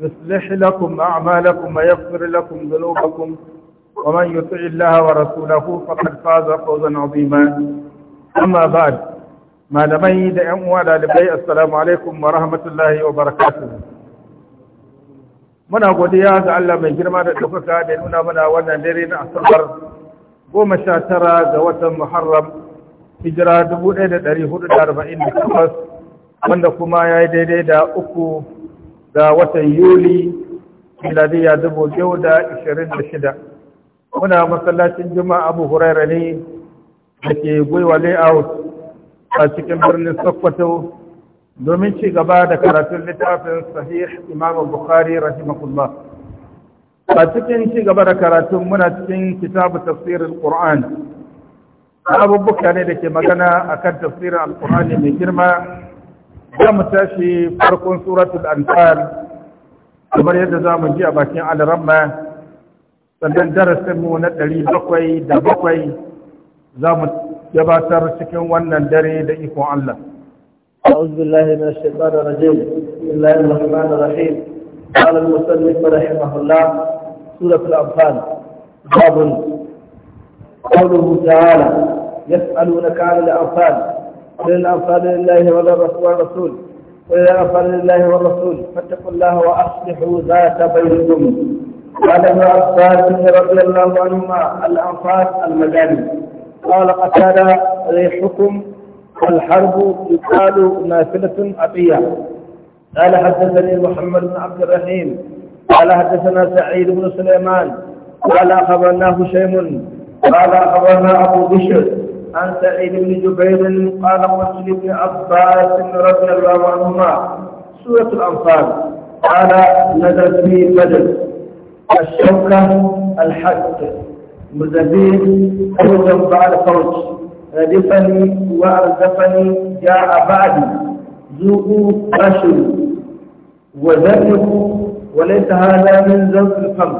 يصلح لكم أعمالكم ويغفر لكم ذنوبكم ومن يطع الله ورسوله فقد فاز فوزا عظيما أما بعد ما لمي دعم ولا لبي السلام عليكم ورحمة الله وبركاته muna godiya ga Allah mai girma da ɗaukaka da nuna mana wannan dare na asabar goma sha tara ga watan Muharram hijira dubu ɗaya da ɗari hudu da arba'in da takwas wanda kuma ya yi daidai da uku Da watan yuli miladiya dubu biyu da ishirin da shida muna masallacin juma'a abu huraira ne da ke gwiwa layout a cikin birnin sokoto domin ci gaba da karatun littafin sahih imam bukhari rahimahullah a cikin ci gaba da karatun muna cikin kitabu tafsirin qur'an abubuwa ne da ke magana akan tafsirin alqur'ani mai girma za mu tashi farkon suratul anfal kamar yadda za mu ji a bakin alaramma sannan mu na ɗari bakwai da bakwai za mu gabatar cikin wannan dare da ikon Allah. أعوذ بالله من الشيطان الرجيم بسم الله الرحمن الرحيم قال المسلم رحمه الله سورة الأنفال باب قوله تعالى يسألونك عن الأنفال وللأنصار لله وللرسول وللأنصار لله والرسول فاتقوا الله وأصلحوا ذات بينكم قال ابن عباس رضي الله عنهما الأنصار المداني قال قتال ريحكم الحرب يقال نافلة عطية قال حدثني محمد بن عبد الرحيم قال حدثنا سعيد بن سليمان قال أخبرناه شيم قال أخبرنا أبو بشر عن سعيد بن جبير قال قلت لابن عباس رضي الله عنهما سورة الأنصار قال نزلت في بدر الشوكة الحد مزبيب فوجا بعد فوج ردفني وأردفني جاء بعدي ذوقوا بشر وذنبوا وليس هذا من ذنب الفم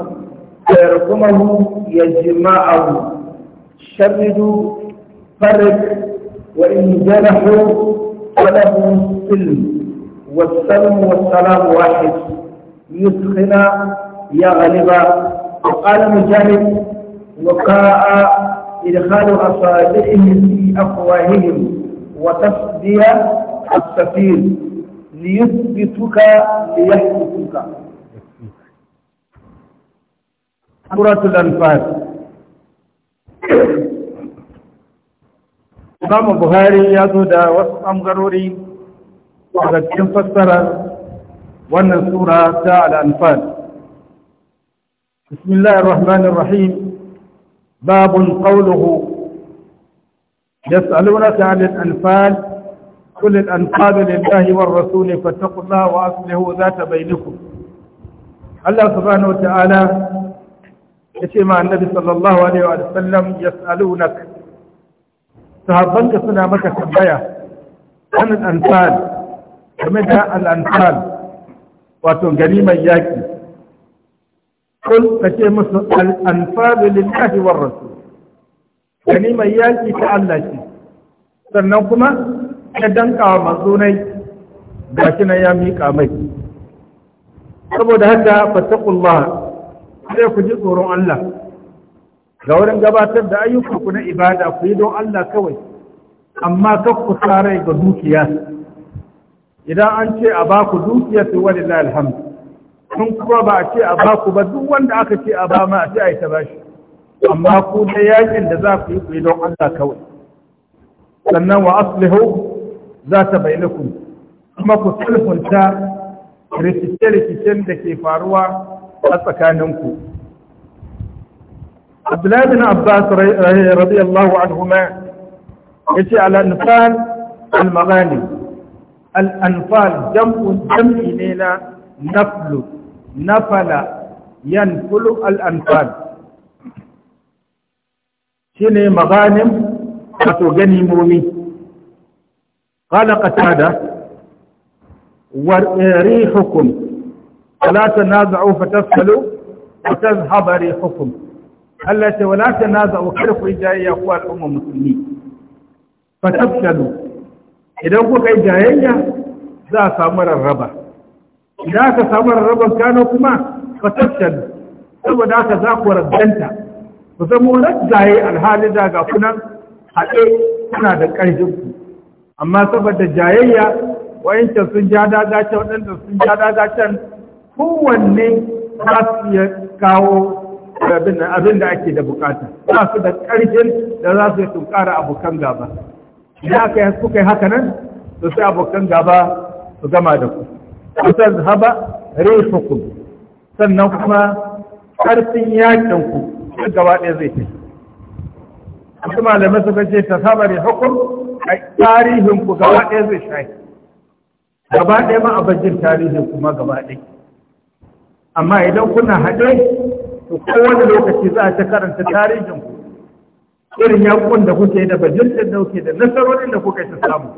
فيرقمه يجمعه شردوا فرق وإن جنحوا فله سلم والسلم والسلام واحد يسخن يغلب وقال مجاهد وقاء إدخال أصابعهم في أفواههم وتصدي السفير ليثبتك ليحبطك سورة الأنفال Imamu Buhari ya zo da wasu ɓangarori daga cikin fassara wannan sura ta al'anfal. Bismillahir Rahmanir Rahim babun qawluhu yas'alunaka 'anil anfal qul al anfal lillahi war rasul kula wa aslihu zata bainakum. Allah subhanahu wa ta'ala yace ma annabi sallallahu alaihi wa sallam yas'alunaka ka suna maka tambaya wannan ansal game da al'ansal wato mai yaƙi kun ce musu al'ansalu lillahi war rasul ganimar yaƙi ta Allah ce sannan kuma ya danka wa manzonai ga shi na ya miƙa mai saboda haka fattakullah sai ku ji tsoron Allah ga wurin gabatar da ku na ibada ku yi don Allah kawai amma kan ku rai ga dukiya idan an ce a ba ku dukiya su wani alhamdu sun kuma ba a ce a ba ku ba duk wanda aka ce a ba ma a ce a yi ta bashi amma ku da yakin da za ku yi ku yi don Allah kawai sannan wa aslihu za ta bainakum kuma ku sulhunta rikice-rikicen da ke faruwa a tsakaninku. عبد الله بن عباس رضي الله عنهما يجي على أنفال المغانم الأنفال جمع جمع ليلى نفل نفل ينفل الأنفال شنو مغانم وتغني مومي قال قتادة وريحكم فلا تنازعوا فتفشلوا وتذهب ريحكم Allah ce wala ta naza wa kada ku yi jayayya ku al'umma musulmi fa tabtalu idan kuka yi jayayya za a samu rarraba idan ka samu rarraba kano kuma fa tabtalu saboda haka za ku raddanta ku zama wani alhali da ga kunan haɗe kuna da ƙarfin ku amma saboda jayayya wayancan sun ja dagacen waɗanda sun ja dagacen kowanne za su iya kawo abin da ake da bukata za su da ƙarfin da za su yi tunkara abokan gaba idan aka yi suka yi haka nan to sai abokan gaba su gama da ku kusan haba ku sannan kuma ƙarfin yakin ku duk gaba ɗaya zai tafi wasu malamai suka ce ta saba hukum a tarihin ku gaba ɗaya zai shayi gaba ɗaya ma a bajin tarihin kuma gaba ɗaya amma idan kuna haɗe to kowane lokaci za a ta karanta tarihin ku irin yankun da kuke da bajintin da kuke da nasarorin da kuka ta samu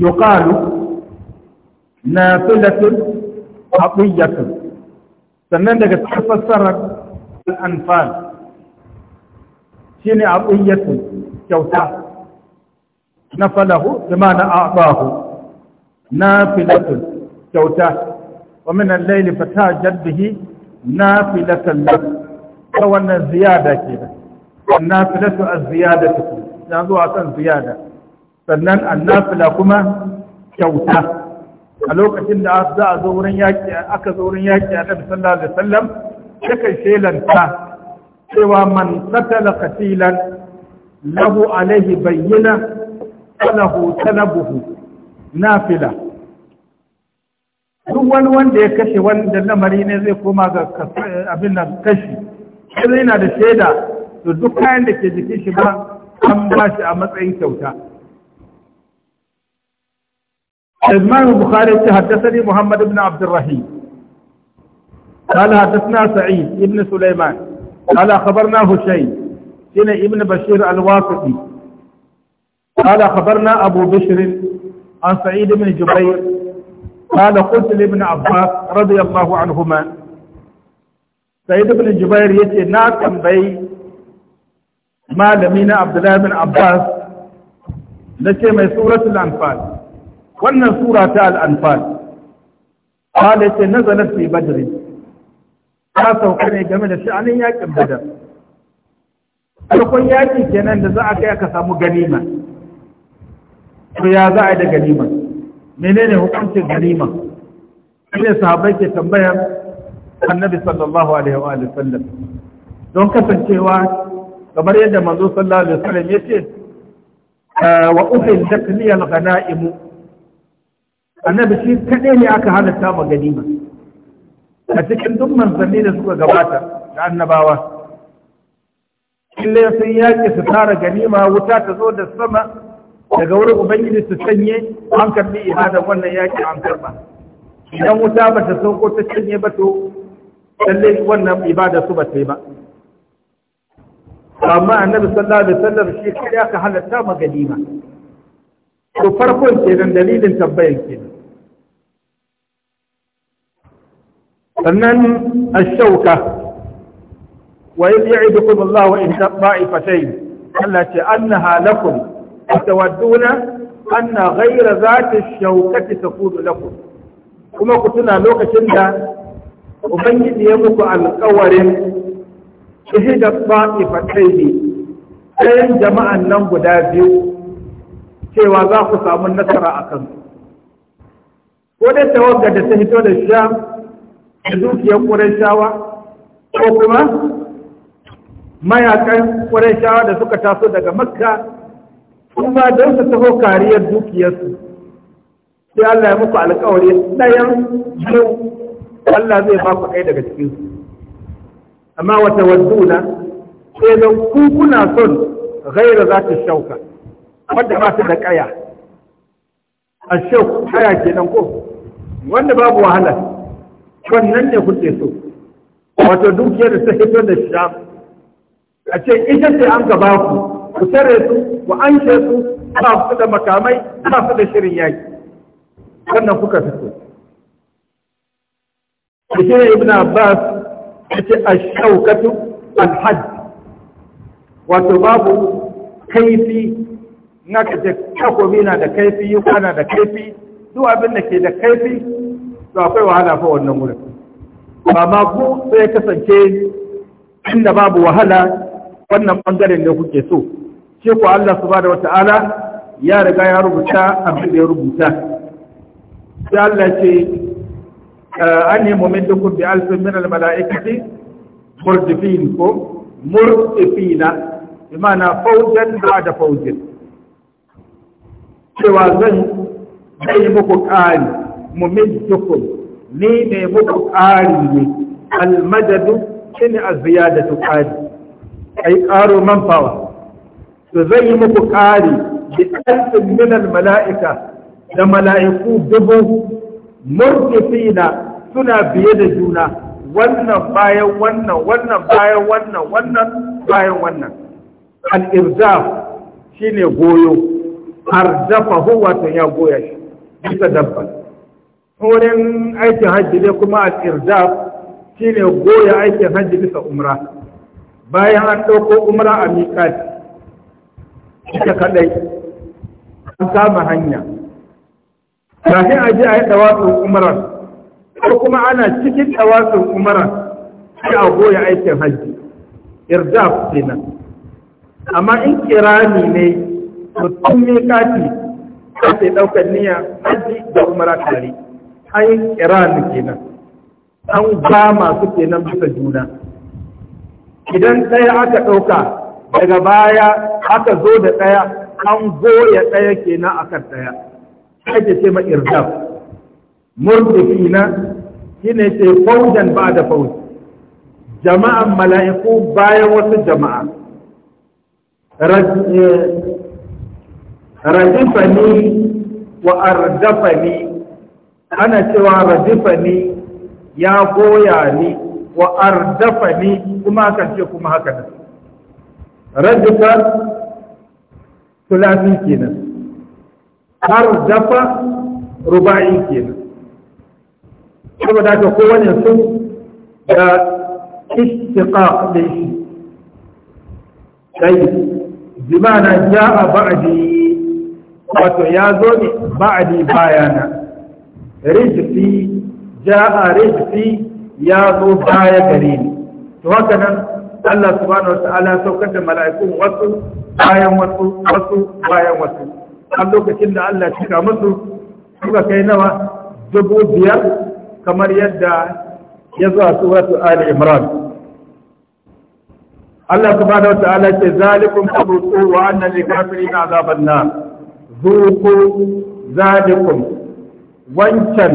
yuqalu nafilatun aqiyatun sannan daga cikin fassarar al-anfal shine aqiyatun kyauta nafalahu bi ma'ana a'tahu nafilatun kyauta ومن الليل فتهجد به نافلة لك فوانا زيادة كده النافلة الزيادة يعني أصلا زيادة sannan annafila kuma kyauta a lokacin da za a zo wurin yaƙi aka zo wurin yaƙi a ɗan sallallahu alaihi wasallam yakan shelanta cewa man qatala qatilan lahu alaihi bayyina falahu talabuhu nafila duk wani wanda ya kashe wanda lamari ne zai koma ga abin nan kashi sai yana da shaida to duk kayan da ke jikin shi ba an ba shi a matsayin kyauta Imam Bukhari ya haddasa Muhammad ibn Abdurrahim قال حدثنا سعيد ابن سليمان قال خبرنا هشيم سنة ابن بشير الواسطي قال خبرنا أبو بشر عن سعيد بن جبير قال قلت لابن عباس رضي الله عنهما سيد بن جبير يتي نا تنبي مالمين عبد الله بن عباس نتي مي سورة الأنفال وأن سورة الأنفال قال يتي نزلت في بدر ta sauka ne game da sha'anin yakin badar farkon yaki kenan da za a kai aka samu ganima to ya za a yi da ganima menene hukuncin ganima sai sahabbai ke tambayar annabi sallallahu alaihi wa sallam don kasancewa kamar yadda manzo sallallahu alaihi wasallam yace wa ah, uhil takliya al-ghanaim annabi shi kadai ne aka halatta ma ganima a cikin duk manzanni da suka gabata da annabawa Kille sun yaki su tara ganima wuta ta zo da sama daga wurin ubangiji su sanye an karbi ihada wannan yaki an karba idan wuta ba ta sauko ta sanye ba to lalle wannan ibada su ba ta yi ba amma annabi sallallahu alaihi wasallam shi kai aka halatta ma to farkon kenan dalilin tabbayin kenan sannan ashauka wa Allah wa in ta'ifatain Allah ce annaha lakum atawadduna anna ghayra zati shawkati taqulu lakum kuma ku tuna lokacin da ubangiji ya muku alƙawarin shahida ta'ifataini ɗayan jama'an nan guda biyu cewa za ku samu nasara a kansu ko dai tawagga da ta hito da sha da dukiyar ƙurashawa ko kuma mayakan ƙurashawa da suka taso daga makka kuma don su taho kariyar dukiyarsu sai Allah ya muku alkawari ɗayan biyu Allah zai ba ku ɗaya daga cikinsu amma wata wadduna sai don ku kuna son gaira za ta shauka wadda ba ta da ƙaya a shau ƙaya nan ko wanda babu wahala wannan ne kuke so wato dukiyar da ta hito da sha a ce ita sai an gaba ku ku tare su ku anshe su ana su da makamai ana su da shirin yaki wannan kuka fito da shi ne ibn abbas ya ce a shaukatu alhajj wato babu kaifi na ka je takobi na da kaifi yi kwana da kaifi duk abin da ke da kaifi to akwai wahala fa wannan wurin ba ma ku sai kasance inda babu wahala wannan bangaren ne kuke so ce ku Allah wata wata'ala ya riga ya rubuta abin da ya rubuta sai Allah ce an yi duk kun bi alfin min almala'ikati murdifin ko murdifina imana faujan ba da faujin cewa zan yi muku ƙari mumin dukkan ni ne muku ƙari ne almadadu shine da ƙari a yi ƙaro manfawa to zai yi muku ƙari da alfin minan mala'ika da mala'iku dubu murtifina suna biye da juna wannan bayan wannan wannan bayan wannan wannan bayan wannan al-irzaf shine goyo arzafa huwa ta ya goya shi bisa dabba wurin aikin hajji ne kuma al-irzaf shine goya aikin hajji bisa umra bayan an ɗauko umra a miƙati ita kaɗai an kama hanya kafin a ji a yi ɗawatsun umarar ko kuma ana cikin ɗawatsun umarar sai a goya aikin hajji irdaf kenan amma in kirani ne mutum miƙati sai ɗaukar niyya hajji da umara tare an yi kirani kenan an ba masu kenan bisa juna idan ɗaya aka ɗauka daga baya aka zo da ɗaya an goya ɗaya kenan kan ɗaya ake ce ma irdaf murdifi na shine ce faujan ba da fauji jama'an mala'iku bayan wasu jama'a eh, rajifani wa ardafani ana cewa rajifani ya goya ni wa ardafani kuma hakan ce kuma haka nan radduka sulasi kenan ardafa ruba'i kenan saboda haka kowane su da istiqaq da shi sai bimana ja'a ba'di wato ya zo ne ba'di bayana rijfi ja'a rijfi ya zo baya gare ni to haka nan Allah subhanahu wataala saukar da mala'ikun wasu bayan wasu wasu bayan wasu a lokacin da Allah cika musu suka kai nawa dubu biyar kamar yadda ya zo a suratu Ali Imran Allah subhanahu wataala ce zalikum qabru wa anna lil kafirin azaban nar zuku zalikum wancan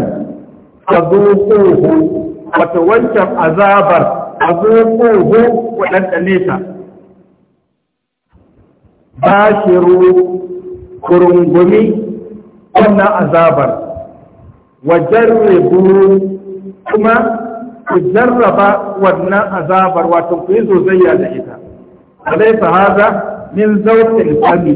fazuquhu Wata wancan azabar a zoƙoho waɗanda nesa ba ruru kurungumi wannan azabar wajarribu kuma ku jarraba wannan azabar wato ku yi zozayya da ita alaisa haza min zautin fami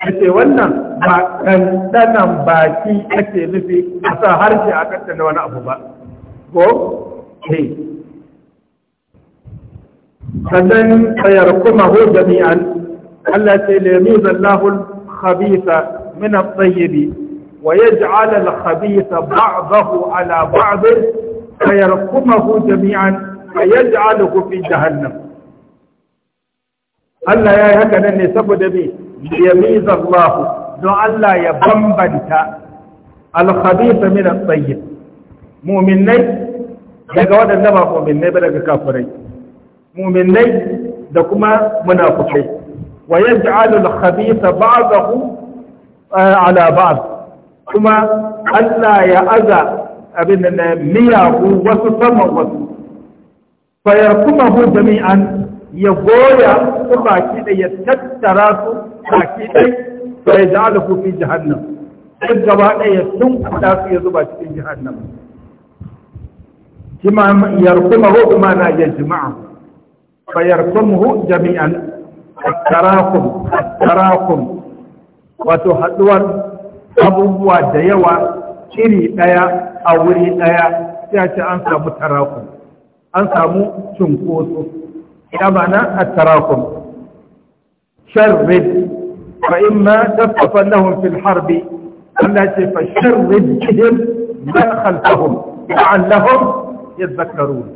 ake wannan ba ɗanɗanan baki ake nufi a sa harshe a da wani abu ba بوب هي فلن يركمه جميعا التي يميز الله الخبيث من الطيب ويجعل الخبيث بعضه على بعض فيركمه جميعا فيجعله في جهنم ألا يا هكذا أني سبد بي يميز الله دو ألا يبنبنت الخبيث من الطيب مؤمنين daga waɗanda ba mu'minnai ba daga kafirai muminai da kuma munafukai wa yaj'alu al-khabitha ba'dahu ala ba'd kuma Allah ya aza abin da miyagu wasu saman wasu fayar kuma hu jami'an ya goya su baki da ya tattara su baki ɗai sai da alaƙo fi jihannan duk gaba ɗaya sun kuɗa su ya zuba cikin jihannan كما يرقمه ما لا يجمعه فيرقمه جميعا التراكم التراكم وتحدوان ابو ديوا شري ديا أو وري ديا تأتي أنسى متراكم أنسى متنقوص يمعنى التراكم شرد فإما لهم في الحرب التي فشرد بهم ما خلفهم لعلهم يذكرون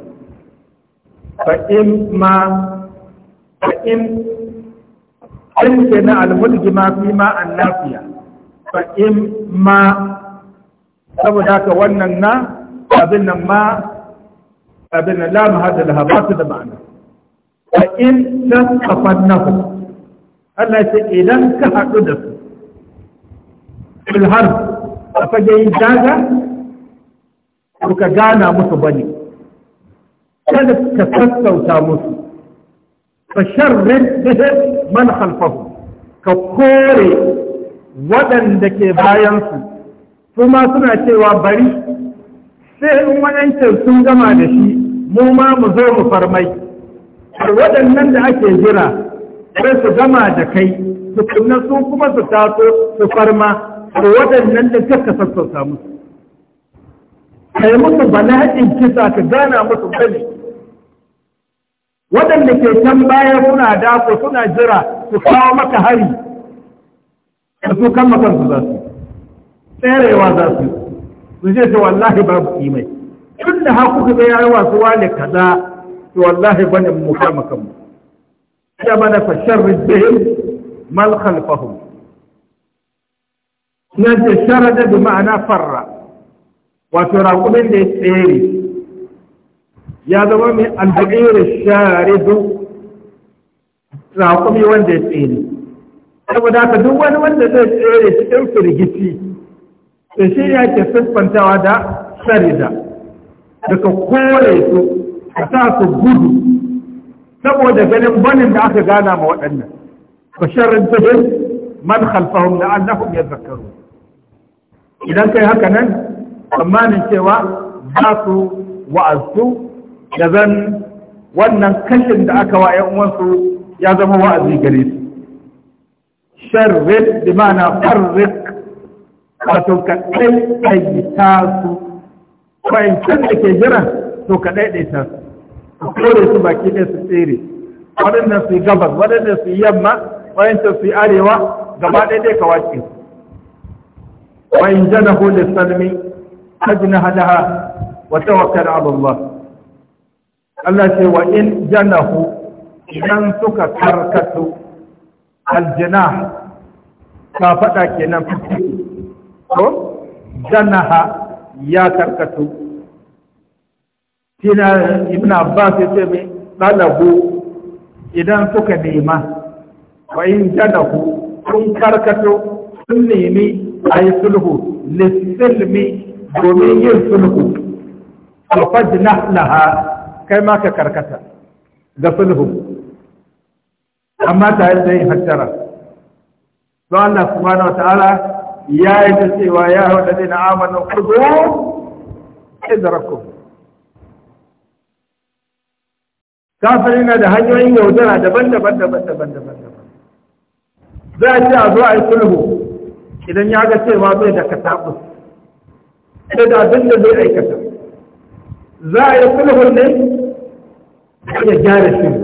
فإما فإن عندنا الملجمة فيما النافية فإما سوى ذاك وننا أبنا ما أبنا لام هذا لها ما كذا معنى فإن تسقفنه ألا سئلن كهدف في الهرب فجي جاجة ka gana musu bane kada ka sassauta musu ka sharrin bihim man khalfahu ka kore waɗanda ke bayansu su ma suna cewa bari sai in waɗancan sun gama da shi mu ma mu zo mu farmai har waɗannan da ake jira sai su gama da kai su kuma su kuma su taso su farma har waɗannan da ka sassauta musu kai musu bala'in kisa ka gana musu gani waɗanda ke can baya suna dako suna jira su kawo maka hari da su kan makansu za su tserewa za su su ce ta wallahi babu imai tun da haku ka zai yawa su wale kaza to wallahi bane mu kama kanmu ya mana fa sharrid bihim mal khalfahum nan ce sharada bi ma'ana farra wato raƙumin da ya tsere ya zama mai albaƙirin sharidu raƙumi wanda ya tsere saboda haka duk wani wanda zai tsere cikin firgici da shi ya ke siffantawa da sharida daga kore su a sa su gudu saboda ganin banin da aka gana ma waɗannan ba sharrin tuhin man khalfahum la'annahum yadhakkarun idan kai haka nan tsammanin cewa za su wa'azu da zan wannan kashin da aka wa uwansu ya zama wa'azi gare su sharrit bi ma'ana farrik wato ka ɗaiɗaita su fahimtar da ke jiran to ka ɗaiɗaita su a kore su baki ɗaya su tsere waɗannan su yi gabas waɗannan su yi yamma waɗannan su yi arewa gaba ɗaya ɗaya ka wace su wa da jana hulun salmi أجنه لها وتوكل على الله Allah ce wa in idan suka karkatu aljina ka faɗa kenan ko janaha ya karkatu tina ibn abbas ya ce mai ɗalabu idan suka nema wa in janahu sun karkatu sun nemi a yi sulhu lissilmi domin yin sulhu to na laha kai ma ka karkata ga sulhu amma ta yi yin hajjara don Allah subhanahu wataala ya yi ta cewa ya hau da zai na kudu kurgu idrakku kafiri na da hanyoyin yaudara daban-daban daban-daban daban-daban za a ce a zo a yi sulhu idan ya ga cewa bai da katakus da abin da zai aikata za a yi sulhun ne ya gyara shi.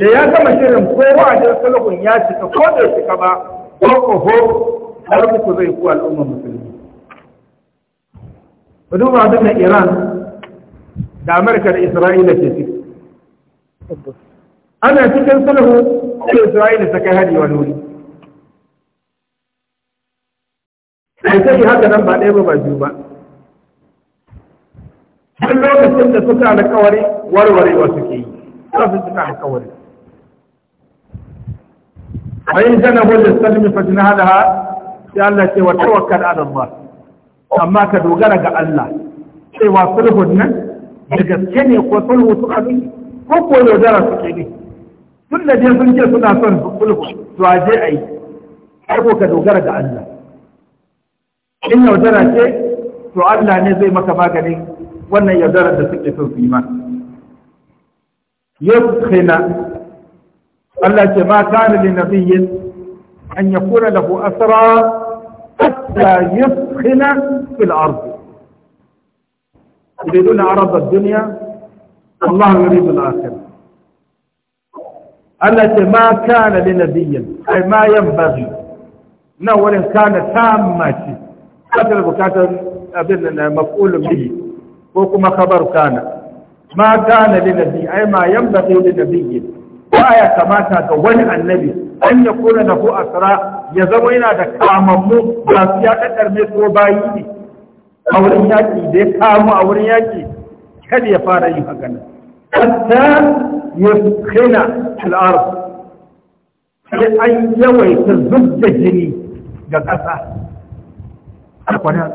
da ya gama shirin ko wa'adin sulhun ya cika ko bai cika ba ko ko har muku zai ku al'ummar musulmi duba abin da iran da amurka da isra'ila ke ciki ana cikin sulhu da isra'ila ta kai hari wani wuri ai sai haka nan ba ɗaya ba ba biyu ba duk lokacin da suka alkawari warwarewa suke yi za su cika alkawari yin jana wajen salmi fajina ha sai Allah ce wa tawakkal ala Allah amma ka dogara ga Allah Sai wa sulhun nan da gaske ne ko sulhu suka bi ko ko yaudara suke ne tun da je sun ce suna son sulhu to a je a yi ko ka dogara ga Allah in yaudara ce to Allah ne zai maka maganin wannan yaudarar da suke son su yi ma yuskhina Allah ce ma kana li nabiyyin an yakuna lahu asra حتى يسخن في الأرض يريدون عرض الدنيا والله يريد الآخرة التي ما كان لنبي أي ما ينبغي نولا كان تامة kasar bukatar abin da eh, maf'ulun bihi ko kuma khabar kana ma kana li nabi ai ma yanbaghi li nabiyyi ba ya kamata ga wani annabi an ya kula da ku asra ya zama yana da kamammu ba su ya kadar mai ko bayi ne a wurin yaki da ya kamu a wurin yaki kada ya fara yin haka nan hatta yuskhina al-ard sai an yawaita da jini ga ƙasa a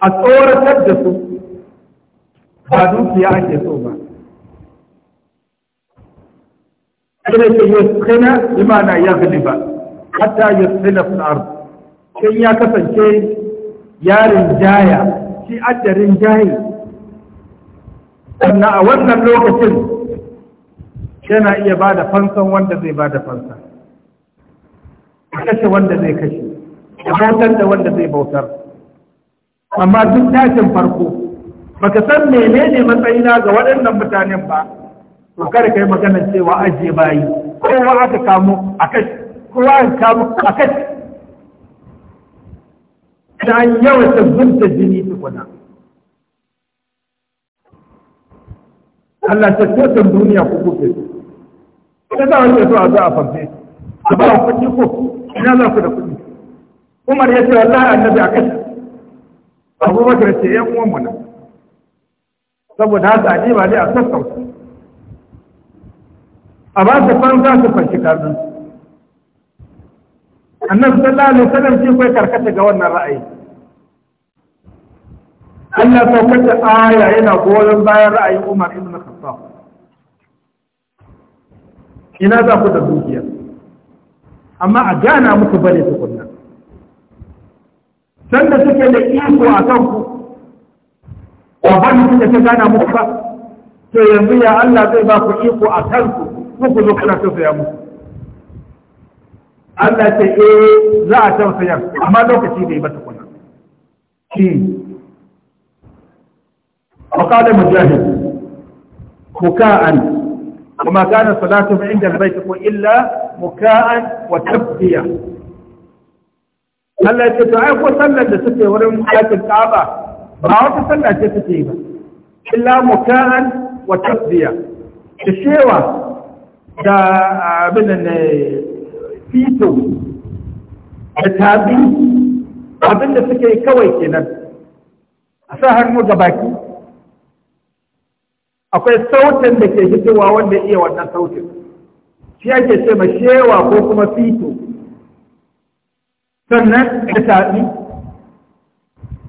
a tsoratar da su ba dukiya ake so ba kada ke tsina imana ya ba, hatta yaskina fi'ar sai ya kasance yarin jaya shi adarin jayi sannan a wannan lokacin yana iya ba da fansan wanda zai ba da fansa kashe wanda zai kashe ya bautar da wanda zai bautar amma duk tashin farko baka san menene matsayina ga waɗannan mutanen ba to kada kai maganar cewa ajiye bayi kowa aka kamo a kashi kowa aka kamo a kashi da an yawata zubta jini tukuna Allah ta kotun duniya ku kuke su. ina za a ce so a a farfe, a ba kuɗi ko, ina za ku da kuɗi. umar ya ce wallahi annabi a kashi abubakar ce yan uwan mu nan saboda haka a ba dai a sassauta a ba su za su fanci karnin annabi sallallahu alaihi wasallam shi kai karkata ga wannan ra'ayi Allah saukata aya yana goyon bayan ra'ayin Umar ibn Khattab ina za ku da dukiya amma a gana muku bane tukunna sanda suke da iko a kanku wabani suke ta gana muku ba to yanzu ya Allah zai ba ku iko a kanku ku zo kuna tausaya muku Allah ce eh za a tausaya amma lokaci bai bata kuna shi وقال مجاهد بكاء وما كان صلاتهم عند البيت إلا بكاء وتبكية Allah ce to ai ko sallar da suke wurin ɗakin Ka'aba ba wata sallah ce take ba illa mukaan wa tasbiya da shewa da abin ne eh, fito da tabi abin da suke kawai kenan a sa hannu ga baki akwai sautin da ke fitowa wanda iya wannan sautin shi ake ce ma shewa ko kuma fito sannan ya tafi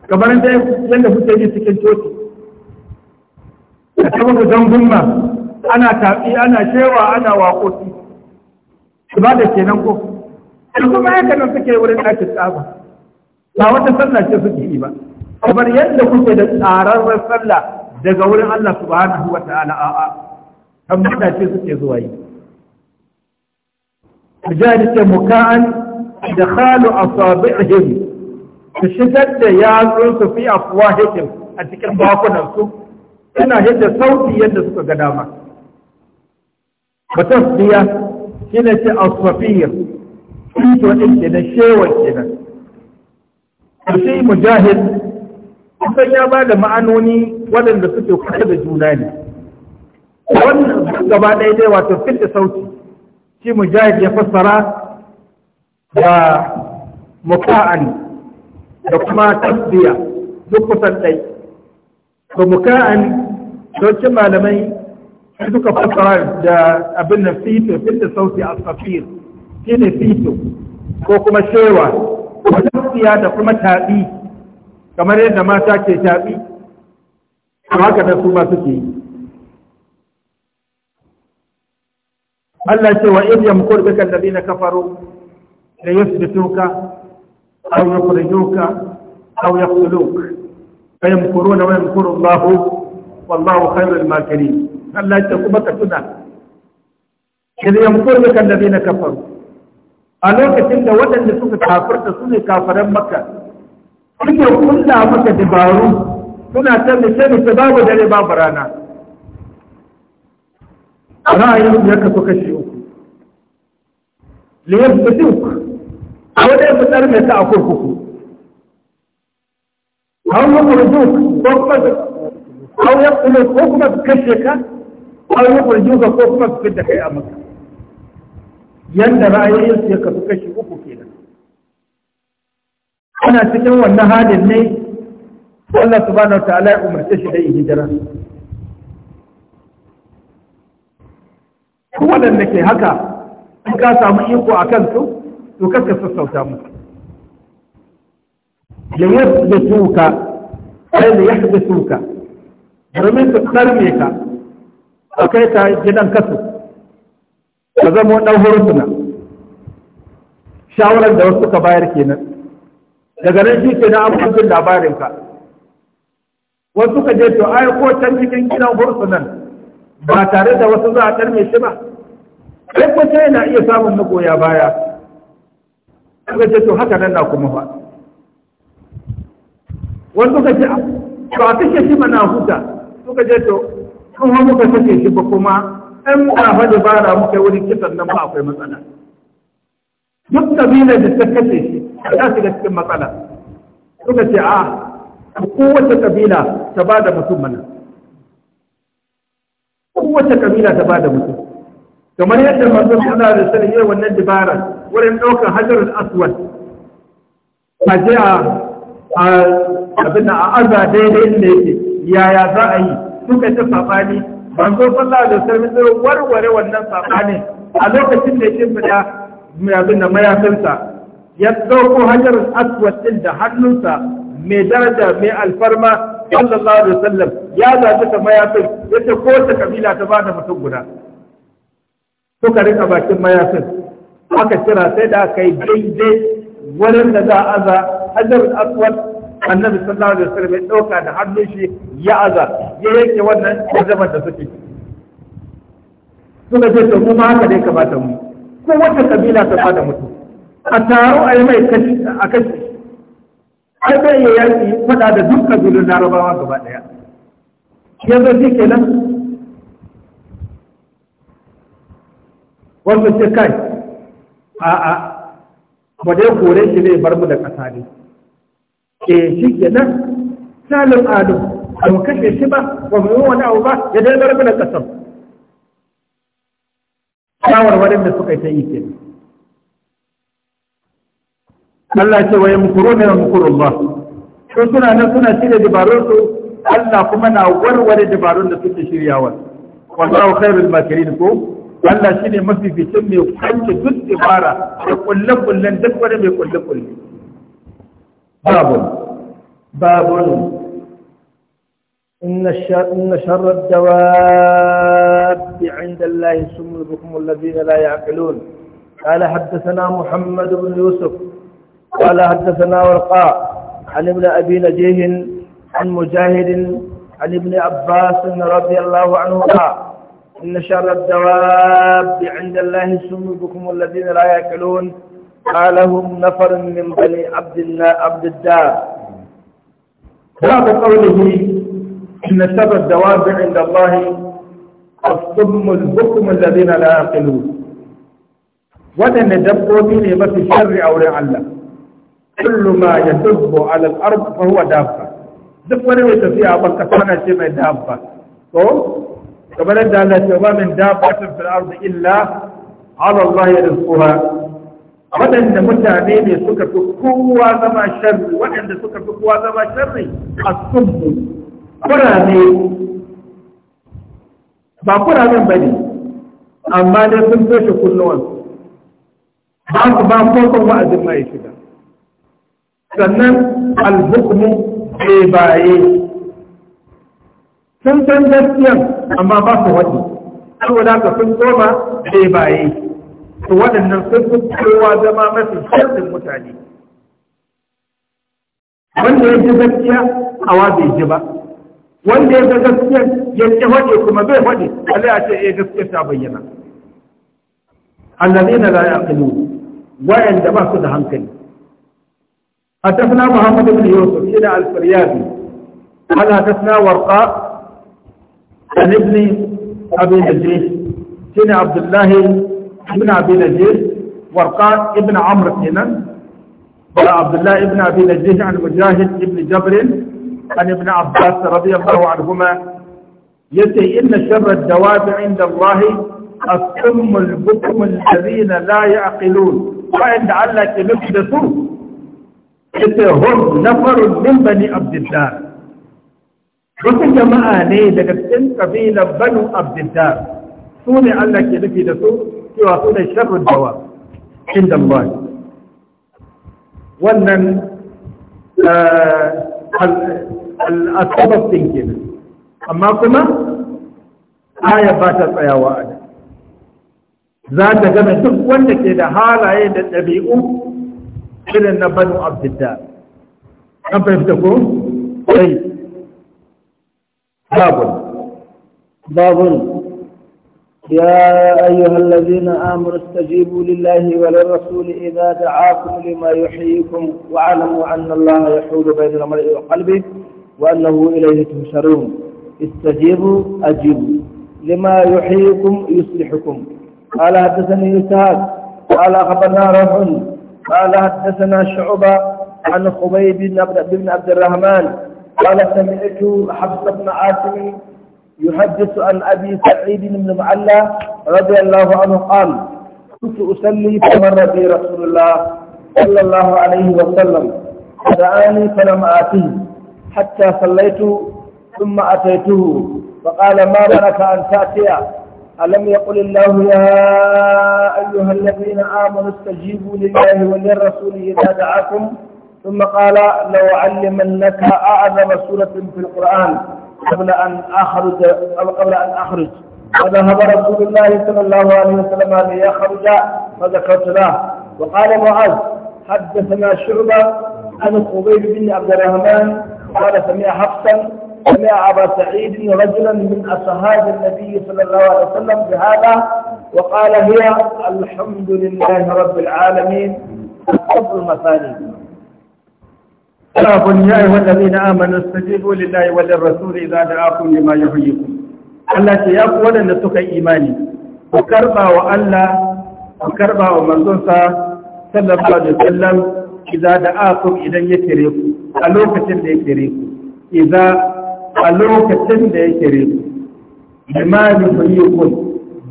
kamar da yadda kuke yi cikin coci da ta baka zangumma ana tafi ana shewa ana waƙoƙi su ba da kenan ko da kuma haka nan suke wurin ɗakin tsaba ba wata sallah ce suke yi ba kamar yadda kuke da tsararren sallah daga wurin Allah subhanahu wa ta'ala a'a kan ce suke zuwa yi. da ke muka'an idkhalu asabi'ihim su shigar da yatsun su fi afwahihim a cikin bakunan su yana yadda sauti yadda suka ga dama ba tasbiya shine ce asfafiyya fito din kenan shewan kenan shi mujahid kusan ya ba da ma'anoni waɗanda suke kusa da juna ne wannan gaba ɗaya wato fil da sauti shi mujahid ya fassara da muka'an da kuma tasbiya duk kusan ɗai to muka'an yawancin malamai sai suka fassara da abin da fito fito sauti a safir shi ne fito ko kuma shewa ko tasbiya da kuma taɓi kamar yadda mata ke taɓi to haka da su ma suke yi Allah ce wa in yamkur bika alladhina kafaru ليثبتوك أو يخرجوك أو يقتلوك فيمكرون ويمكر الله والله خير الماكرين الله يتقبك سنة إذ يمكر لك الذين كفروا ألوك تلك ودن لسوك كافرت سنة كافرا مكة إذ يقول لا مكة دبارو سنة سنة سباب دلبا برانا رأيهم يكتو كشيوك ليثبتوك ko dai mu tsarme ta a kurkuku aw mu kurju ko kuma aw ya kulu ko kuma su kashe ka aw ya kurju ka ko kuma su fidda kai a maka yadda ra'ayoyin su ya kasu kashi uku kenan ana cikin wannan halin ne Allah subhanahu wa ta'ala ya umarce shi da hijira Kuma waɗanda ke haka in ka samu iko a kansu to kaka sassauta musu da yasbituka ai da yasbituka domin su karme ka a kai ta gidan kasu ka zama ɗan hursuna shawarar da wasu ka bayar kenan daga nan shi ke na abubuwan labarinka wasu ka je to ai ko can cikin gidan hursunan ba tare da wasu za a karme shi ba kai ko yana iya samun magoya baya suka ce to haka nan na kuma fa wani suka ce ah, to a kashe shi mana huta suka ce to kun hau muka kashe shi ba kuma ɗan ƙafa da bara muka wurin kisan nan ba akwai matsala duk kabilar da ta kashe shi ya shiga cikin matsala suka ce a ah, kowace kabila ta ba da mutum mana kowace kabila ta ba da mutum kamar yadda manzon Allah da sallallahu alaihi wannan dibara wurin ɗaukar hajjar aswad a je a arza daidai ne yake yaya za a yi suka ci saɓani ban zo sallah da sami warware wannan saɓani a lokacin da yake fita abin da mayafinsa ya ɗauko hajjar aswad ɗin da hannunsa mai daraja mai alfarma sallallahu alaihi wasallam ya zaɓi ta mayafin ya kowace kabila ta ba da mutum guda suka rika bakin mayafin aka kira sai da aka yi daidai wurin da za a aza hajar aswad annabi sallallahu alaihi wasallam ya dauka da hannun shi ya aza ya yanke wannan jazaban da suke suka ce to kuma haka dai kamata mu ko wata kabila ta fada mutu a taro a yi mai kashi a kashi ai bai ya yaki fada da duk kabilun larabawa gaba daya yanzu shi kenan wasu ce kai a'a ba dai kore shi zai bar mu da ƙasa ne e, ke shi nan Salim adam a mu kashe shi ba ba mu yi wani abu ba ya dai bar mu da ƙasar shawarwarin da suka yi ta yi ke. Allah ce wa ya mukuru ne ba to suna nan suna shirya dabarun su Allah kuma na warware dabarun da suke shiryawa wallahu khairul makirin ko Allah shi ne mafificin mai kwanke duk ibara da kulle-kullen duk wani mai kulle-kulle. Babun, babun, inna sharar dawa bi inda Allah sun mulkukum wallazi da la yaqilun. قال حدثنا محمد بن يوسف قال حدثنا ورقاء عن ابن ابي نجيه عن مجاهد عن ابن عباس رضي الله عنهما إن شر الدواب عند الله سمبكم الذين لا يأكلون قالهم نفر من بني عبد الله عبد الدار هذا قوله إن شر الدواب عند الله البكم الذين لا يأكلون ولن يدبوا لما بس الشر أو لعلة كل ما يدب على الأرض فهو دابة دبوبي لما في أبقى كمانا دابة kamar yadda Allah ce ba min dafatin fil ardi illa ala Allah yarzuha waɗanda mutane ne suka fi kowa zama sharri waɗanda suka fi kowa zama sharri a sunmu kurane ba kuranen ba ne amma dai sun toshe kunnuwansu ba su ba kokon wa'azin mai shiga sannan alhukmu bebaye sun san gaskiyan amma ba su waɗi saboda ka sun koma baye to waɗannan sun fi kowa zama mafi shirin mutane wanda ya ji gaskiya hawa bai ji ba wanda ya ga gaskiya ya ce waɗe kuma bai waɗe Allah ya ce eh gaskiya ta bayyana allazina ya yaqilun wayanda ba su da hankali A حدثنا محمد بن يوسف إلى الفريابي قال حدثنا ورقاء عن ابن أبي نجيح سنة عبد الله ابن أبي نجيح ورقاء ابن عمرو كينا وعبد الله ابن أبي نجيح عن مجاهد ابن جبر عن ابن عباس رضي الله عنهما يتي إن شر الدواب عند الله الصم البكم الذين لا يعقلون وإن علك نفسه يتي هم نفر من بني عبد الله wasu jama'a ne daga cikin kabilar banu abdiddar su ne Allah ke nufi da su cewa su ne sharrun dawa inda Allah wannan eh, al'asabar din ne, amma kuma aya ba ta tsayawa a nan za ta gama duk wanda ke da halaye da ɗabi'u irin na banu abdiddar an fahimta ko? sai باب باب يا أيها الذين آمنوا استجيبوا لله وللرسول إذا دعاكم لما يحييكم واعلموا أن الله يحول بين المرء وقلبه وأنه إليه تحشرون استجيبوا أجيبوا لما يحييكم يصلحكم قال حدثني إسحاق قال أخبرنا روح قال حدثنا شعبة عن خبيب بن عبد الرحمن قال سمعت حفص بن عاصم يحدث عن أبي سعيد بن معلى رضي الله عنه قال كنت أصلي فمر بي رسول الله صلى الله عليه وسلم فدعاني فلم آتيه حتى صليت ثم أتيته فقال ما لك أن تأتي ألم يقل الله يا أيها الذين آمنوا استجيبوا لله وللرسول إذا دعاكم ثم قال لو علمنك أعظم سورة في القرآن قبل أن أخرج أو قبل أن أخرج فذهب رسول الله صلى الله عليه وسلم ليخرج فذكرت له وقال معاذ حدثنا شعبة عن خبيب بن عبد الرحمن قال سمع حفصا سمع أبا سعيد رجلا من أصحاب النبي صلى الله عليه وسلم بهذا وقال هي الحمد لله رب العالمين الصبر المثاني kafin ya yi waɗanda na amanar sajibu lillahi wajen rasuli za da akun lima ya huyi ku Allah ce ya fi waɗanda suka yi imani ku karɓa wa Allah ku karɓa wa manzonsa sallallahu alaihi wasallam idza da akun idan ya kire ku a lokacin da ya kire ku idza a lokacin da ya kire ku lima ya huyi ku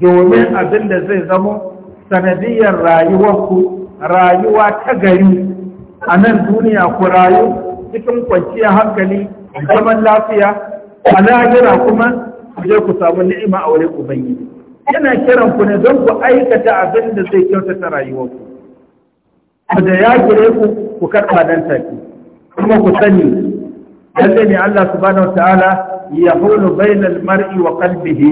domin abin da zai zamo sanadiyar rayuwarku rayuwa ta gari a nan duniya ku rayu cikin kwanciyar hankali zaman lafiya a lahira kuma ku je ku samu ni'ima a wurin ubangiji yana kiran ku ne don ku aikata abin da zai kyautata rayuwarku da ya gire ku ku karɓa nan take kuma ku sani lalle ne Allah subhanahu ta'ala ya hulu bainal mar'i wa qalbihi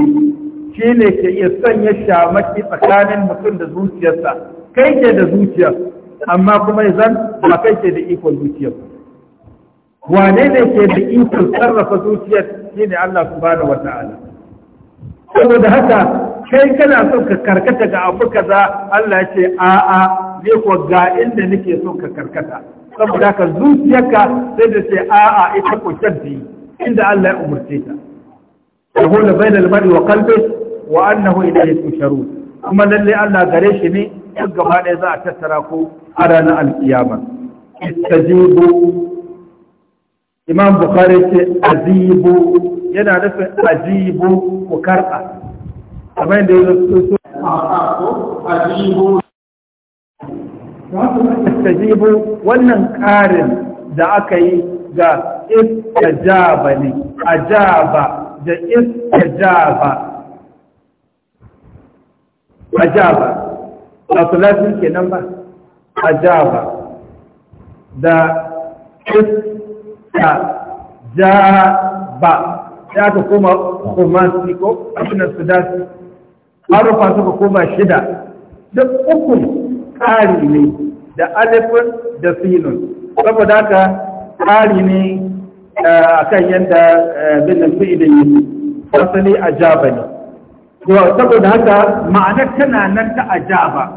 shine ke iya sanya shamaki tsakanin mutum da zuciyarsa kai ke da zuciyarsa amma kuma ya zan ba kai ke da ikon zuciyar wane ne ke da ikon sarrafa zuciyar shine Allah su bada wata ala saboda haka kai kana son ka karkata ga abu kaza Allah ya ce a'a ne ko ga inda nake son ka karkata saboda haka zuciyarka sai da ce a'a ita ko shaddi inda Allah ya umurce ta yahulu bainal mar'i wa qalbi wa annahu ilayhi tusharun kuma lalle Allah gare shi ne duk gaba ɗaya za a tattara ko. a ranar alkiyama istajibu imam bukhari ce azibu yana nufin azibu ku karɓa kamar yadda ya zo so azibu istajibu wannan ƙarin da aka yi ga istajaba ne ajaba da istajaba ajaba a ke nan ba ajaba da iska ba ya ka koma kumasi ko abinan sudasi harufa suka koma shida duk uku ƙari ne da alifin da sinun saboda haka ƙari ne eh, a kan yadda eh, binin fi'ilin yi asali ajaba ne saboda haka ma'anar tana nan ta ajaba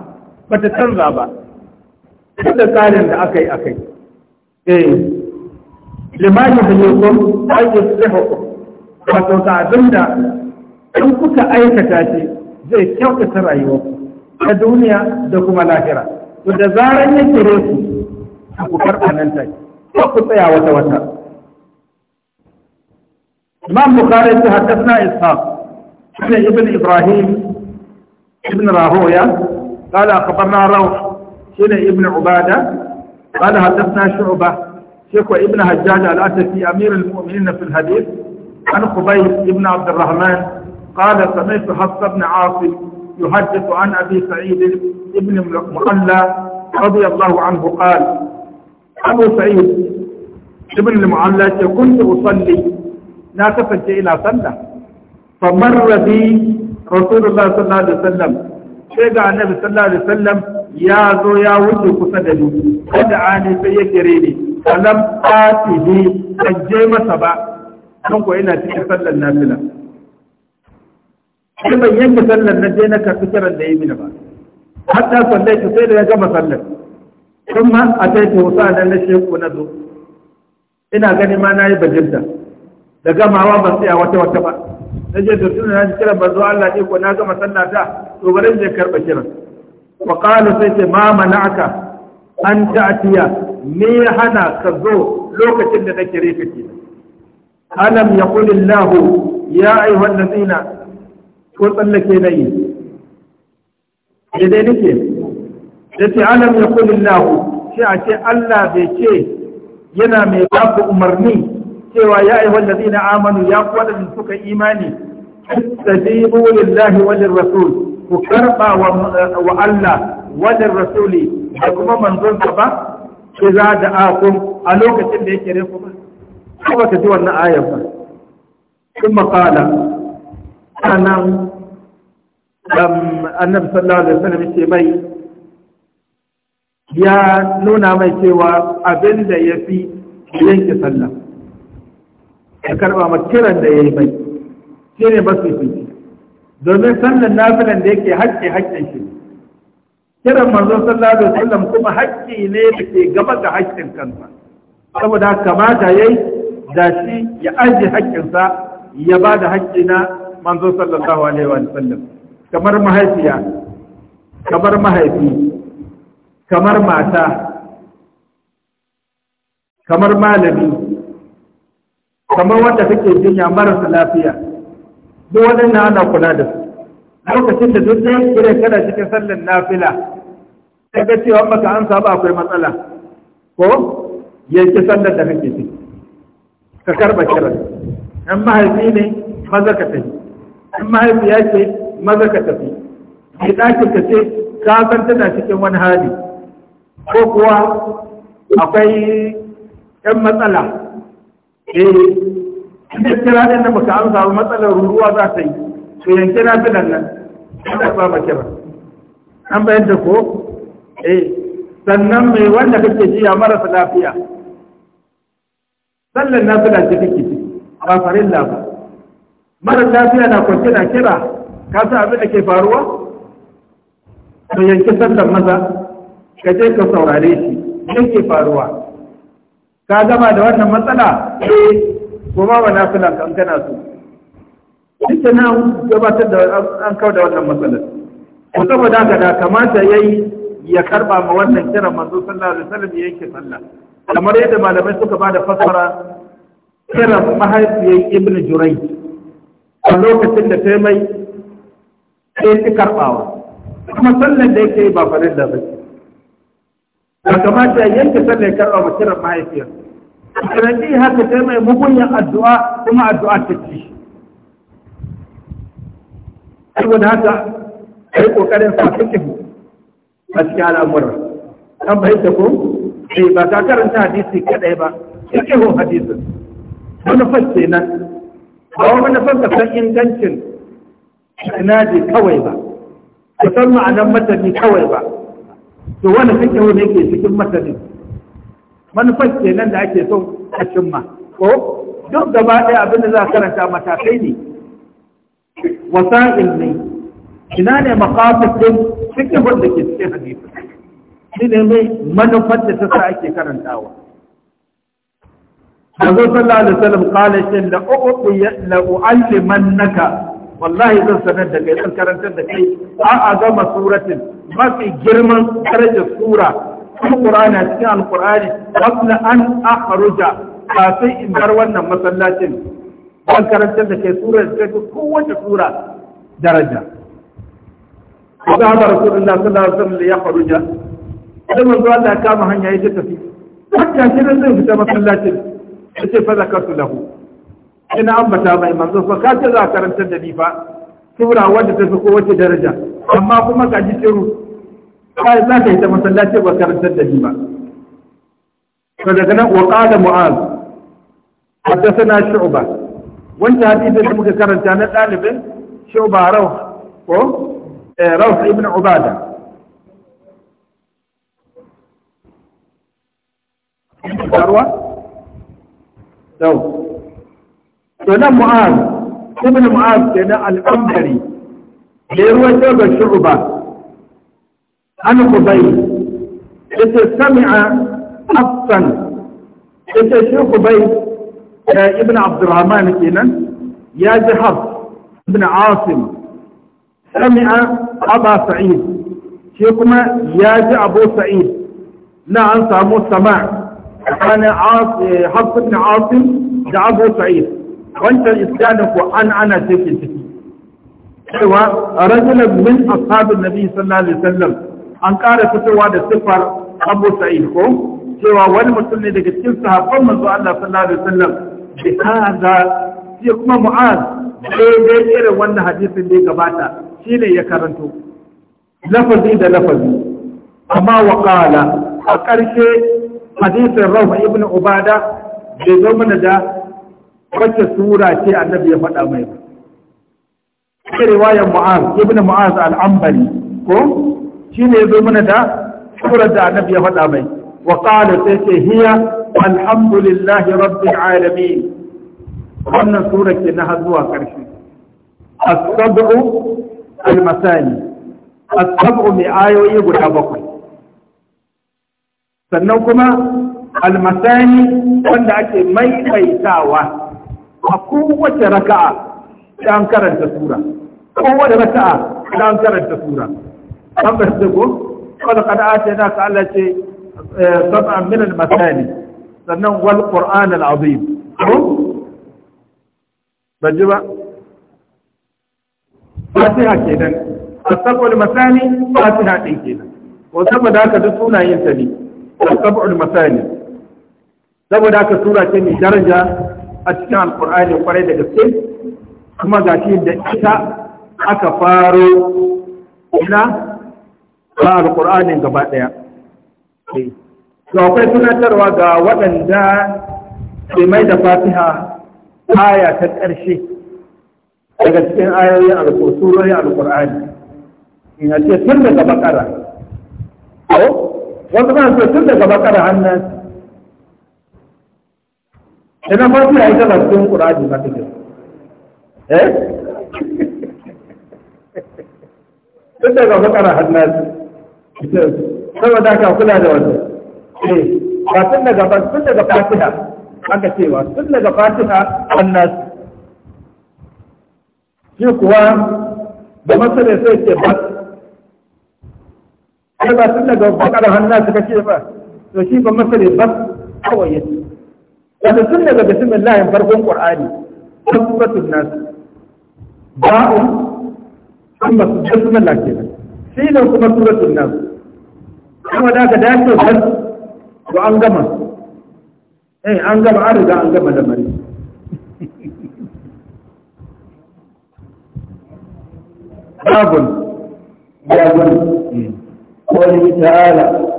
ba ta canza ba da tsarin da aka yi a kai eh limani hanyarkun aikin tsihakun wato ta abin da in kuka aikata shi zai kyautata rayuwar ta duniya da kuma lahira to da zarar ya kere su a ku karɓa nan ko ku tsaya wata wata imam bukhari ya haddasa ishaq ibn ibrahim ibn rahoya قال أخبرنا روح shine ابن عبادة قال حدثنا شعبة شيخ ابن حجاج الأسفي أمير المؤمنين في الحديث عن خبيب ابن عبد الرحمن قال سمعت حفص بن عاصم يحدث عن أبي سعيد ابن المعلى رضي الله عنه قال أبو سعيد ابن المعلى كنت أصلي لا تفجئ إلى صلى فمر بي رسول الله صلى الله عليه وسلم sai ga annabi sallallahu alaihi wasallam ya zo ya wuce kusa da ni wanda ani sai ya kire ni alam ni. ban je masa ba don ko ina cikin sallar nafila sai ban yanke sallar na je na karfi kiran da ya mini ba hatta sallai ta sai da ya gama sallar kuma a sai ta wusa na na sheku na zo ina gani ma na yi bajinta da gamawa ba tsaya wata wata ba na je da tuna na ji kiran manzo Allah ne ko na gama ta to bari je karba kiran wa qala sai ce ma mana'aka an ta'tiya me hana ka zo lokacin da kake rike ki alam yaqul Allah ya ayyuhan ladina ko tsallake nayi dai nake ce alam yaqul Allah shi a ce Allah bai ce yana mai ba umarni cewa ya ayyuhal ladina amanu ya ku wadanda suka imani da istajibu lillahi wa rasul ku karɓa wa Allah wa lirrasuli da kuma manzon sa ba za da da'akum a lokacin da yake reku ba ko ba ka ji wannan ayar ba kuma qala sanan annabi sallallahu alaihi wasallam ce mai ya nuna mai cewa abin da ya fi yanke sallah ya karba ma kiran da ya yi mai shi ne masu fi domin sannan nafilan da yake hakki hakkin shi kiran manzo sallallahu alaihi wasallam kuma haƙƙi ne da ke gaba da haƙƙin kansa saboda kamata yayi da shi ya aje haƙƙinsa ya ba da haƙƙi na manzo sallallahu alaihi wasallam kamar mahaifiya kamar mahaifi kamar mata kamar malami kamar wanda kake jinya marasa lafiya duk waɗannan ana kula da su lokacin da duk ɗaya kire kada cikin sallar lafila sai ga cewa maka an saba akwai matsala ko yanke sallar da kake ciki ka karba kiran Yan mahaifi ne maza ka tafi in mahaifi ya ce maza ka tafi mai ɗakin ka ce ka san tana cikin wani hali ko kuwa akwai 'yan matsala eh inda kira ɗin da baka amsa ba matsalar ruruwa za ta yi to yanke na fi nan an ka saba kira an bayar da ko eh sannan mai wanda kake jiya marasa lafiya sallan na fi lafiya kake ciki ba farin lafa marar lafiya na kwanci na kira ka sa abin da ke faruwa to yanke sallan maza ka je ka saurare shi yake faruwa ka gama da wannan matsala eh goma ba na filan kan kana so duk da nan gabatar da an kawo da wannan matsalar ko saboda haka da kamata yayi ya karba ma wannan kiran manzo sallallahu alaihi wasallam ya yake sallah kamar yadda malamai suka ba da fassara kiran mahaifiyar ibn jurai a lokacin da ta mai sai ta karbawa kuma sallan da yake ba farin da ba a kamata ya yanke sallar karɓa ba kiran mahaifiyar sanadi haka sai mai mugunyan addu'a kuma addu'a ta ci saboda haka a yi ƙoƙarin sa fikihu a cikin al'amuran an bayyanta ko sai eh, ba ka karanta hadisi kaɗai ba fikihun hadisin manufar nan. ba wani manufar ka san ingancin sanadi kawai ba ka san ma'anar matani kawai ba to wani fikihu ne ke cikin matanin manufar ke nan da ake son a cimma ko duk gaba ɗaya abin da za a karanta matakai ne wasa'il ne ina ne makafis din fikihun da ke cikin hadisi shi ne mai manufar da ta sa ake karantawa Azu sallallahu alaihi wasallam qala shin la naka. wallahi zan sanar da kai zan karantar da kai a a gama suratin mafi girman darajar sura a cikin alƙur'ani wasu an Ba sai in bar wannan masallacin zan karantar da kai sura da kai kowace sura daraja وذهب رسول ya صلى الله عليه وسلم ليخرج kama hanya ya كما tafi يتفي حتى كده zai fita masallacin sai fa zakartu lahu ina ambata mai manzo fa ka ce za karantar da ni fa sura wanda ta fi kowace daraja amma kuma ka ji tiru kai za ka yi ta masallaci ba karantar da ni ba to daga nan wa qala mu'az haddathana shu'ba wanda hadisi da muka karanta na dalibin shu'ba rauh ko eh rauh ibn ubada Darwa? Dau. to nan mu'az ibn mu'az ke al-amdari da ya ruwaito ga ba. an kubai yace sami'a afsan yace shi kubai ibn abdurrahman nan, ya ji haf ibn asim sami'a aba sa'id shi kuma ya ji abu sa'id na an samu sama tsakanin eh, hafs ibn asim da abu sa'id wancan isyanin ko an ana cikin ciki cewa rajulan min ashabin nabi sallallahu alaihi wasallam an ƙara fitowa da sifar abu sa'id ko cewa wani mutum ne daga cikin sahabban manzo Allah sallallahu alaihi wasallam bi hada sai kuma mu'az dai irin wannan hadisin da ya gabata shine ya karanto lafazi da lafazi amma wa qala a ƙarshe hadisin rawah ibn ubada bai zo mana da wacce sura ce annabi ya faɗa mai ba riwayar mu'az ibn mu'az al-ambari ko ne yazo mana da surar da annabi ya faɗa mai wa qala sai ce hiya alhamdulillahi rabbi Alami. wannan sura ke na zuwa karshe as al-masani as mai ayoyi guda bakwai sannan kuma al-masani wanda ake maimaitawa a kowace raka'a sai an karanta sura kowace raka'a sai an karanta sura an bar da ko kada kada ate na ka Allah ce eh, sab'an min al-masani sannan wal qur'an al-azim baji ba fatiha kenan asabul masani fatiha din kenan ko saboda haka duk sunayen ta ne asabul masani saboda haka sura ce mai daraja a cikin alkur'ani kwarai da gaske kuma ga shi da ita aka faro ina ba alkur'anin gaba ɗaya akwai tunatarwa ga waɗanda ke mai da fatiha aya ta ƙarshe daga cikin ayoyin alkursurorin alkur'ani ina ce tun daga bakara wasu ba su tun daga bakara hannun ina fatiha ita ba cikin qur'ani ba take eh tun daga bakara hannasu saboda ka kula da wannan eh ba tun daga ba tun daga fatiha aka cewa tun daga fatiha hannasu shi kuwa da masana sai ce ba kai ba tun daga bakara hannasu kace ba to shi ba masana ba kawai yake wanda sun daga bismillah farkon qur'ani suratul nas ba'u amma suna lafiya sai ne kuma suratul nas kuma da ka dace da su an gama eh an gama an riga an gama lamari babun babun قوله ta'ala.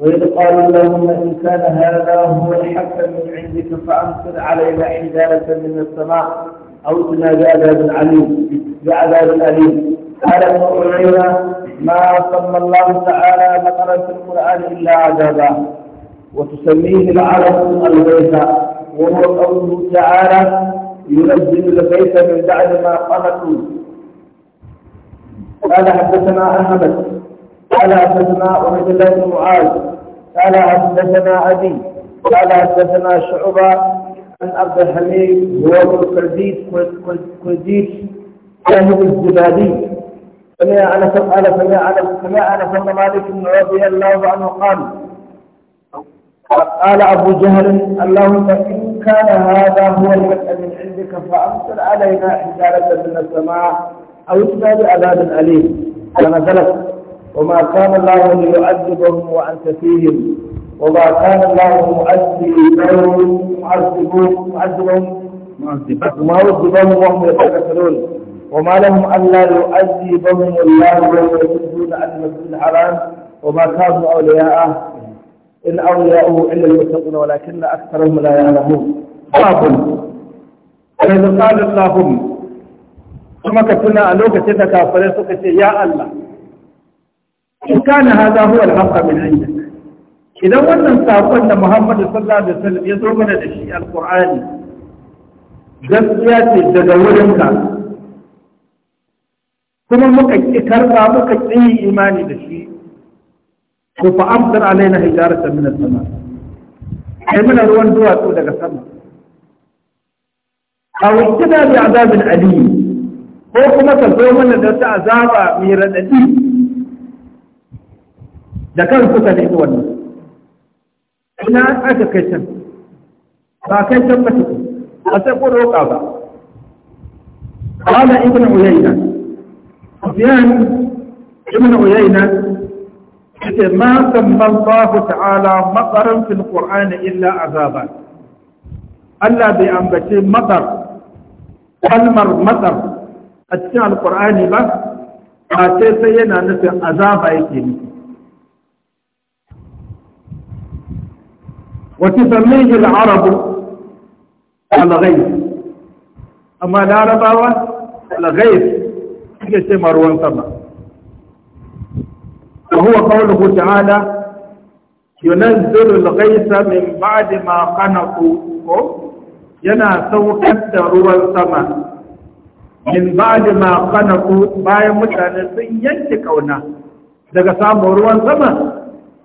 وإذ قال لهم إن كان هذا هو الحق من عندك فأمطر علينا حجارة من السماء أو اتنا بعذاب عليم بعذاب أليم قال ابن عيينة ما سمى الله تعالى مقرة القرآن إلا عذابا وتسميه العرب الغيث وهو قوله تعالى ينزل البيت من بعد ما قلقوا قال حدثنا أحمد قال حدثنا عبد الله بن معاذ قال حدثنا ابي قال حدثنا شعبه عن عبد الحميد هو ابن كرديد كرديد صاحب الزبادي سمع انس قال سمع انا سمع انا بن مالك رضي الله عنه قال قال أبو جهل اللهم إن كان هذا هو المدء من عندك فأمطر علينا حجارة من السماء أو اتنا بعذاب أليم فنزلت وما كان الله ليعذبهم وأنت فيهم وما كان الله معذبهم وما معذبهم وهم يتكسرون وما لهم ألا يعذبهم الله وهم يصدون عن المسجد الحرام وما كانوا أولياءه إن اولياءه إلا المتقون ولكن أكثرهم لا يعلمون باب فإذا قال اللهم kuma ka tuna a lokacin da يا suka in kana hadha huwa al min indik idan wannan sakon da Muhammadu sallallahu alaihi wasallam ya zo mana da shi alqur'ani gaskiya ce daga wurin ka, kuma muka ki karba muka ki imani da shi ko fa amsar alaina hijaratan min as-sama ai muna ruwan duwatsu daga sama aw iktada bi azabin alim ko kuma ka zo mana da ta azaba mai radadi da kan kuka nemi nan. ina aka kai can ba kai can ba a sai ko roƙa ba qala ibn uyayna sufyan ibn uyayna yace ma samma Allah ta'ala maqaran fil qur'ani illa azaba Allah bai ambace matar kalmar matar a cikin alqur'ani ba ba sai sai yana nufin azaba yake nufi وتسميه العرب على غير أما العرب هو على غير يسمى روان سما وهو قوله تعالى ينزل الغيث من بعد ما قنطوا ينا حتى روان سما من بعد ما قنطوا باي متان سن ينك كونا daga samun ruwan sama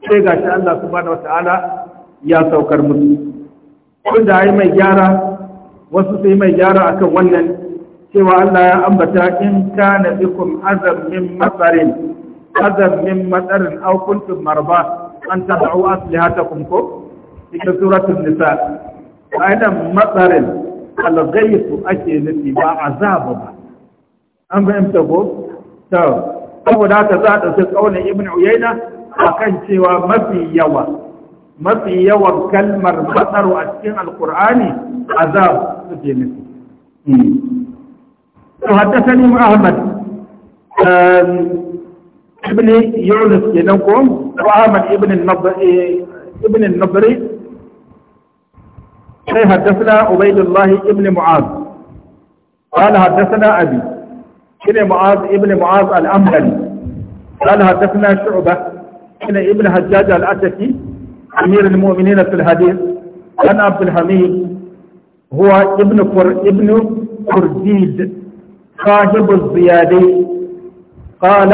sai gashi Allah subhanahu ya saukar musu kun da ai mai gyara wasu sai mai gyara akan wannan cewa Allah ya ambata in kana bikum azab min masarin azab min masarin aw kuntum marba an tad'u aslihatakum ko cikin suratul nisa aidan masarin al-ghayth ake nufi ba azab ba an fahimta ko to saboda ta za a ɗauki ƙaunar ibn a akan cewa mafi yawa mafi yawan kalmar fadar a cikin alkur'ani azab suke nufi to haddasani Ahmad ibn Yunus kenan ko ko Ahmad ibn Nabri ibn Nabri sai haddasana Ubaydullah ibn Mu'az قال حدثنا أبي ابن معاذ ابن معاذ الأمري قال حدثنا شعبة ابن ابن حجاج الأتكي أمير المؤمنين في الحديث أن عبد الحميد هو ابن فر ابن كرديد صاحب الزيادي قال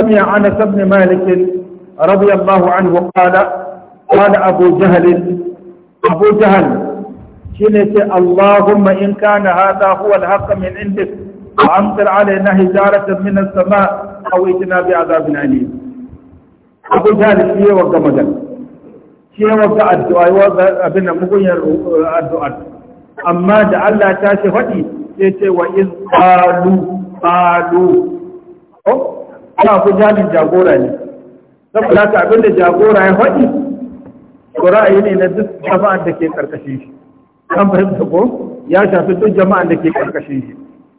سمع أنس بن مالك رضي الله عنه قال قال أبو جهل أبو جهل شنت اللهم إن كان هذا هو الحق من عندك فأمطر علينا هجارة من السماء أو إتنا بعذاب أليم أبو جهل شيء وقمدل shi wata addu'a ya abin da mugunyar addu'a amma da Allah ta ce faɗi sai ce wa in qalu qalu ko ana ku jami jagora ne saboda ka abin da jagora ya faɗi ko ra'ayi ne na duk jama'an da ke karkashin shi kan fahimta ko ya shafi duk jama'an da ke karkashin shi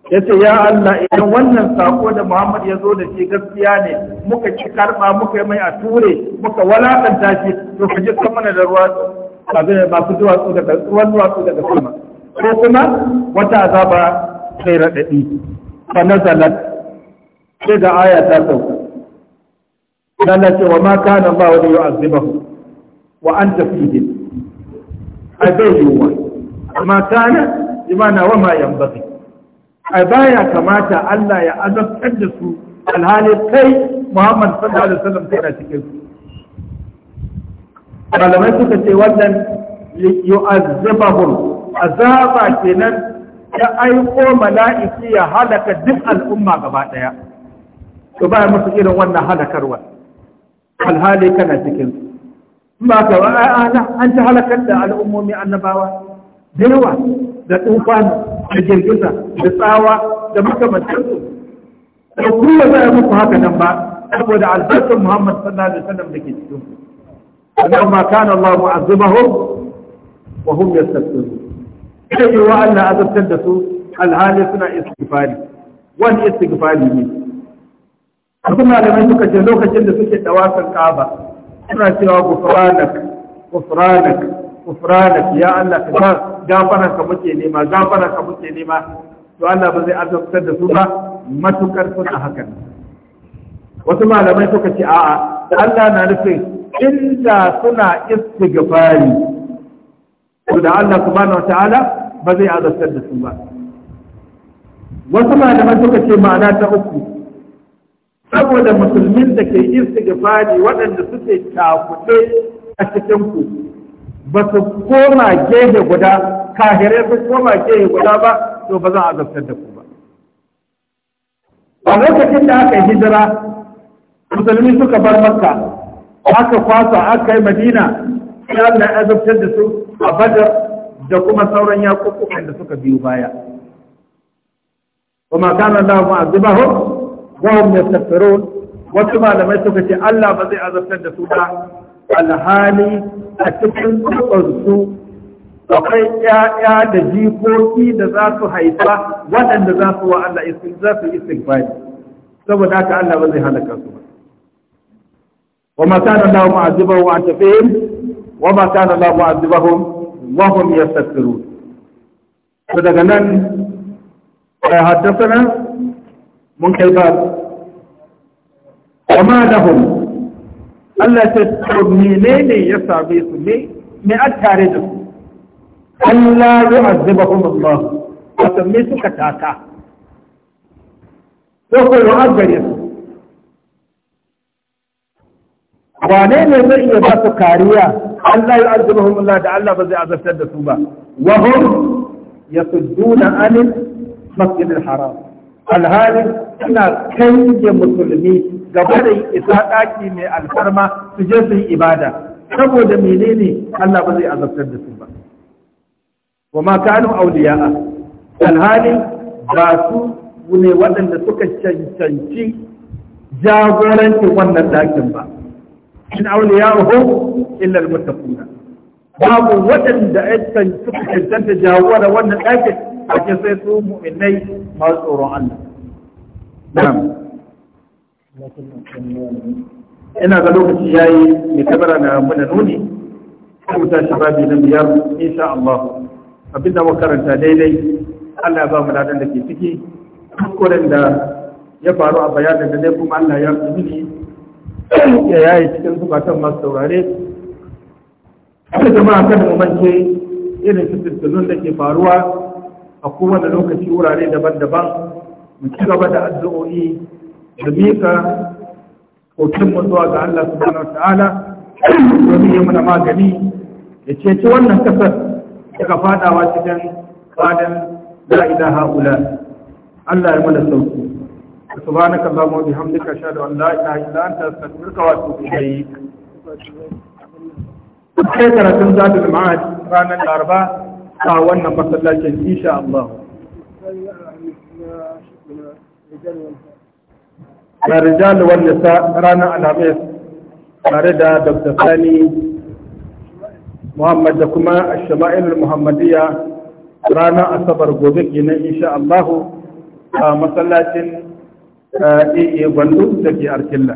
yace ya Allah idan wannan sako da Muhammad ya zo da shi gaskiya ne muka ci karba muka yi mai a ture muka walakanta shi to ka ji mana da ruwa abin masu duwatsu daga ruwan duwatsu daga sama ko kuma wata azaba sai radadi fa nazalat sai da aya ta sauka Allah ce wa ma kana ba wa yu'azibahu wa anta fihim abai yuwa ma kana imana wa ma yanbaghi A baya kamata Allah ya azabtar da su alhali kai Muhammad sallallahu alaihi wasallam tana cikin su malamai suka ce wannan yu'azzabahum azaba kenan ya aiko mala'iki ya halaka duk al'umma gaba daya to baya musu irin wannan halakarwa alhali kana cikin su ba ka ba an ta halakar da al'ummomi annabawa da yawa da tsufani da girgiza da tsawa da makamantarsu da kuma za a muku haka nan ba saboda albarkar muhammad sallallahu alaihi wasallam da ke cikin sannan ma kana Allah mu'azzibahum wa hum yastaghfirun sai yi wa Allah azabtar da su alhali suna istighfari wani istighfari ne wasu malamai suka ce lokacin da suke dawasan kaba suna cewa gufranak gufranak kufranak ya Allah ka gafaran ka muke nema gafaran ka muke nema to Allah ba zai azabtar da su ba matukar suna hakan wasu malamai suka ce a'a Allah na nufin inda suna istighfari to da Allah subhanahu ta'ala ba zai azabtar da su ba wasu malamai suka ce ma'ana ta uku saboda musulmin da ke istighfari waɗanda suke takuɗe a cikin ku ba su koma gehe guda kahirai su koma gehe guda ba to ba za a azabtar da ku ba a lokacin da aka yi hijira musulmi suka bar makka aka kwasa aka yi madina sai Allah azabtar da su a badar da kuma sauran yakukukan da suka biyu baya kuma kana Allah mu'azibahum wa hum yastaghfirun wasu malamai suka ce Allah ba zai azabtar da su ba alhali a cikin tsubansu akwai ƴaƴa da jikoki da za su haifa waɗanda za su wa Allah za su istighfari saboda haka Allah ba zai halaka su ba wa ma kana Allah mu'azibahum wa anta fihim wa ma kana Allah mu'azibahum wa hum yastaghfirun to daga nan ai haddasa mun kai ba kama ma lahum Allah ta to menene ya same su ne me a tare da su Allah ya azaba Allah wato su ka taka ko ko ya gare su wane ne zai iya ba su kariya Allah ya azaba Allah da Allah ba zai azabtar da su ba wa hum yasudduna anil masjidil haram alhalin suna kange musulmi gaba da isa ɗaki mai alfarma su je su yi ibada saboda menene Allah ba zai azabtar da su ba wa ma kanu auliya'a alhali ba su ne waɗanda suka cancanci jagorancin wannan ɗakin ba in auliya'uhu illa almuttaquna babu waɗanda ya suka cancanta jagora wannan ɗakin a sai su mu'minai masu tsoron Allah na'am ina ga lokaci yayi mai kamara na muna nuni kuma mu tashi babi na biyar insha Allah abinda muka karanta daidai Allah ba mu ladan da ke ciki kuskuren da ya faru a bayanin da dai kuma Allah ya tsini ya yayi cikin zukatan masu saurare haka jama'a kan mu mance irin fitintunun da ke faruwa a kowane lokaci wurare daban-daban mu ci gaba da addu'o'i da mika hotunmu zuwa ga Allah subhanahu wata'ala domin yi mana magani ya ceci wannan kasar daga fadawa cikin fadan la ilaha ula Allah ya mana sauki سبحانك اللهم وبحمدك اشهد ان لا اله الا انت استغفرك واتوب اليك sai karatun zadul ma'ad ranar laraba a wannan masallacin insha Allah da rijal wal nisa ranar alhamis tare da dr sani muhammad da kuma shama'ilul muhammadiyya ranar asabar gobe kenan insha Allah a masallacin iya eh, gwandu da ke arkilla.